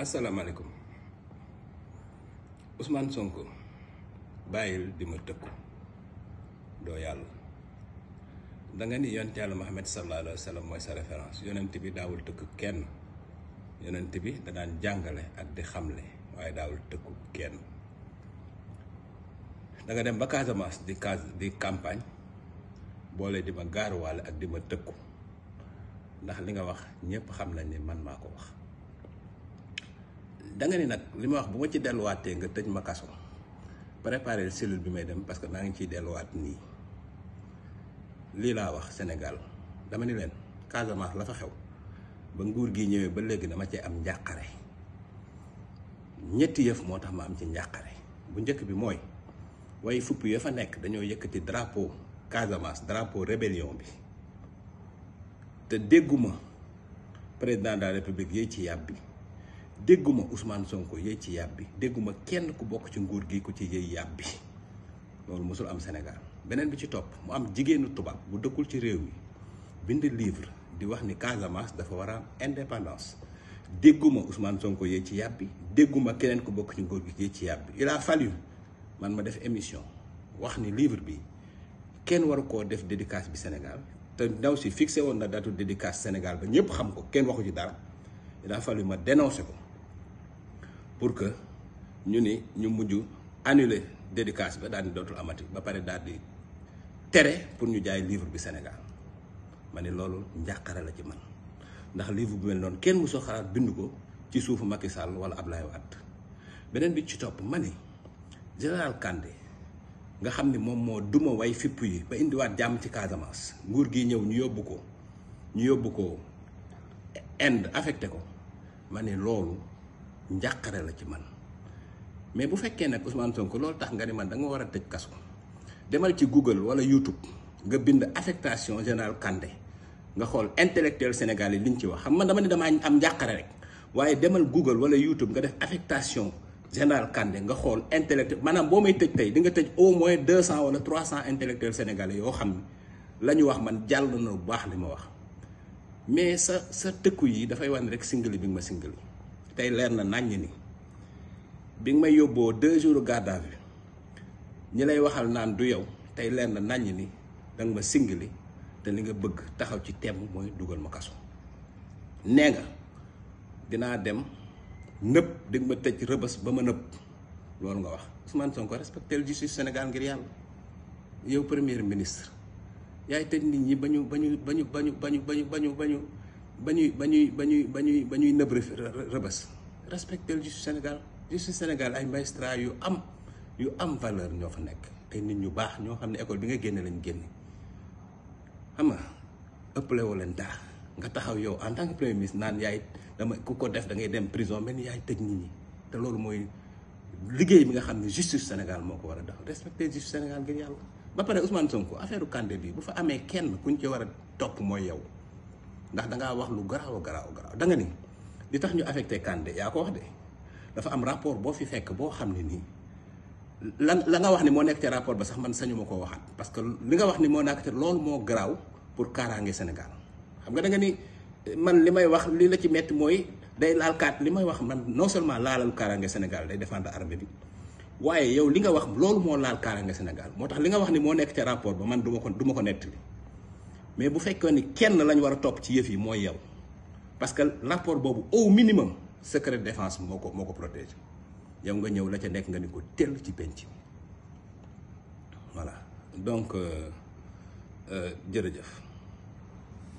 asalaamaaleykum Ousmane Sonko bàyyil di ma tëkku doo yàlla da nga ni yonent yàlla Muhammad sallallahu alayhi wa sa référence yonent bi daawul tëkk kenn yonent bi da jàngale ak di xamle waaye daawul tëkku kenn danga dem ba Casamance di cas di campagne boole di ma gaaruwaale ak di ma tëkku ndax li nga wax ñépp xam nañ ni man maa ko wax danga ni nag li ma wax bu ma ci delluwaatee nga tëj ma kaso préparer cellule bi may dem parce que maa ngi ciy delluwaat nii lii laa wax Sénégal dama ni leen Casamance la fa xew ba nguur gi ñëwee ba léegi dama cee am njàqare ñetti yëf moo tax ma am ci njàqare bu njëkk bi mooy waaye fupp ya fa nekk dañoo yëkkati drapeau Casamance drapeau rébellion bi te dégguma président de la république yee ci yàbbi dégguma Ousmane Sonko yëy ci yàb bi dégguma kenn ku bokk ci nguur gi ko ci yëy yàb bi loolu mosul am Sénégal beneen bi ci topp mu am jigéenu tubaab bu dëkkul ci réew mi bind livre di wax ni Casamance dafa war a am indépendance dégguma Ousmane Sonko yëy ci yàb bi dégguma keneen ku bokk ci nguur gi yëy ci yàb bi il a man ma def émission wax ni livre bi kenn waru koo def dédicace bi Sénégal te ndaw si fixé woon na datu dédicace Sénégal ba ñëpp xam ko kenn waxu ci dara il a ma dénoncé ko pour que ñu ni ñu mujj annuler dédicace ba daal di dootul amati ba pare daal di tere pour ñu jaay livre bi Sénégal ma ne loolu njàqare la ci man ndax livre bu mel noonu kenn mosoo xalaat bind ko ci suufu Macky Sall wala Ablaye Wade beneen bi ci topp ma ni général Kandé nga xam ni moom moo duma way fipp yi ba indiwaat jàmm ci Casamance nguur gi ñëw ñu yóbbu ko ñu yóbbu ko Inde affecté ko ma ne loolu. njàqare la ci man mais bu fekkee nag Ousmane Sonko loolu tax nga ni man da nga war a tëj kaso demal ci Google wala YouTube nga bind affectation générale Kandé nga xool intellectuel sénégalais li ñu ci wax xam man dama ne damaa am njàqare rek waaye demal Google wala YouTube nga def affectation générale Kandé nga xool intellectuel maanaam boo may tëj tey di nga tëj au moins deux cent wala trois cent intellectuels sénégalais yoo xam ne la ñu wax man jàll na bu baax li ma wax mais sa sa tëkku yi dafay wane rek singali bi nga ma singali tey leer na naññ ni bi nga may yóbboo deux jours garde à ñi lay waxal naan du yow tey leer na naññ ni danga ma singili te li nga bëgg taxaw ci temm mooy dugal ma kaso nee nga dinaa dem nëpp di ma tëj rëbës ba ma nëpp loolu nga wax Ousmane Sonko respectel justice Sénégal ngir yàlla yow premier ministre yaay tëj nit ñi ba ñu ba ñu ba ñu ba ñu ba ñu ba ñu ba ñu ba ñuy ba ñuy ba ñuy ba ñuy ba ñuy nëb rëbës respecté justice Sénégal justice Sénégal ay magistrat yu am yu am valeur ñoo fa nekk ay nit ñu baax ñoo xam ne école bi nga génne lañu génne xam nga ëppale woo leen nga taxaw yow en tant que premier ministre naan yaay dama ku ko def da ngay dem prison mel ni yaay tëj nit ñi te loolu mooy liggéey bi nga xam ne justice Sénégal moo ko war a def respecté justice Sénégal ngir yàlla ba pare Ousmane Sonko affaire Kandé bi bu fa amee kenn ku ñu ci war a topp mooy yow. ndax dangaa wax lu garaaw garaaw garaaw danga ni li tax ñu affecté Kandé yaa ko wax de dafa am rapport boo fi fekk boo xam ne nii lan la nga wax ni moo nekk ci rapport ba sax man sañu ko koo waxaat parce que li nga wax ni moo nekk te loolu moo garaaw pour kaaraange Sénégal xam nga da ni man li may wax li la ci métti mooy day laal kaat li may wax man non seulement laalal kaaraange Sénégal day défendre armée bi waaye yow li nga wax loolu moo laal kaaraange Sénégal moo tax li nga wax ni moo nekk ci rapport ba man du ma ko du ma ko nettali mais bu fekkee ni kenn lañ war a topp ci yëf yi mooy yow parce que rapport boobu au minimum secret défense moo ko moo ko protège yow nga ñëw la ca nekk nga ni ko tell ci penc voilà donc euh, euh, jërëjëf.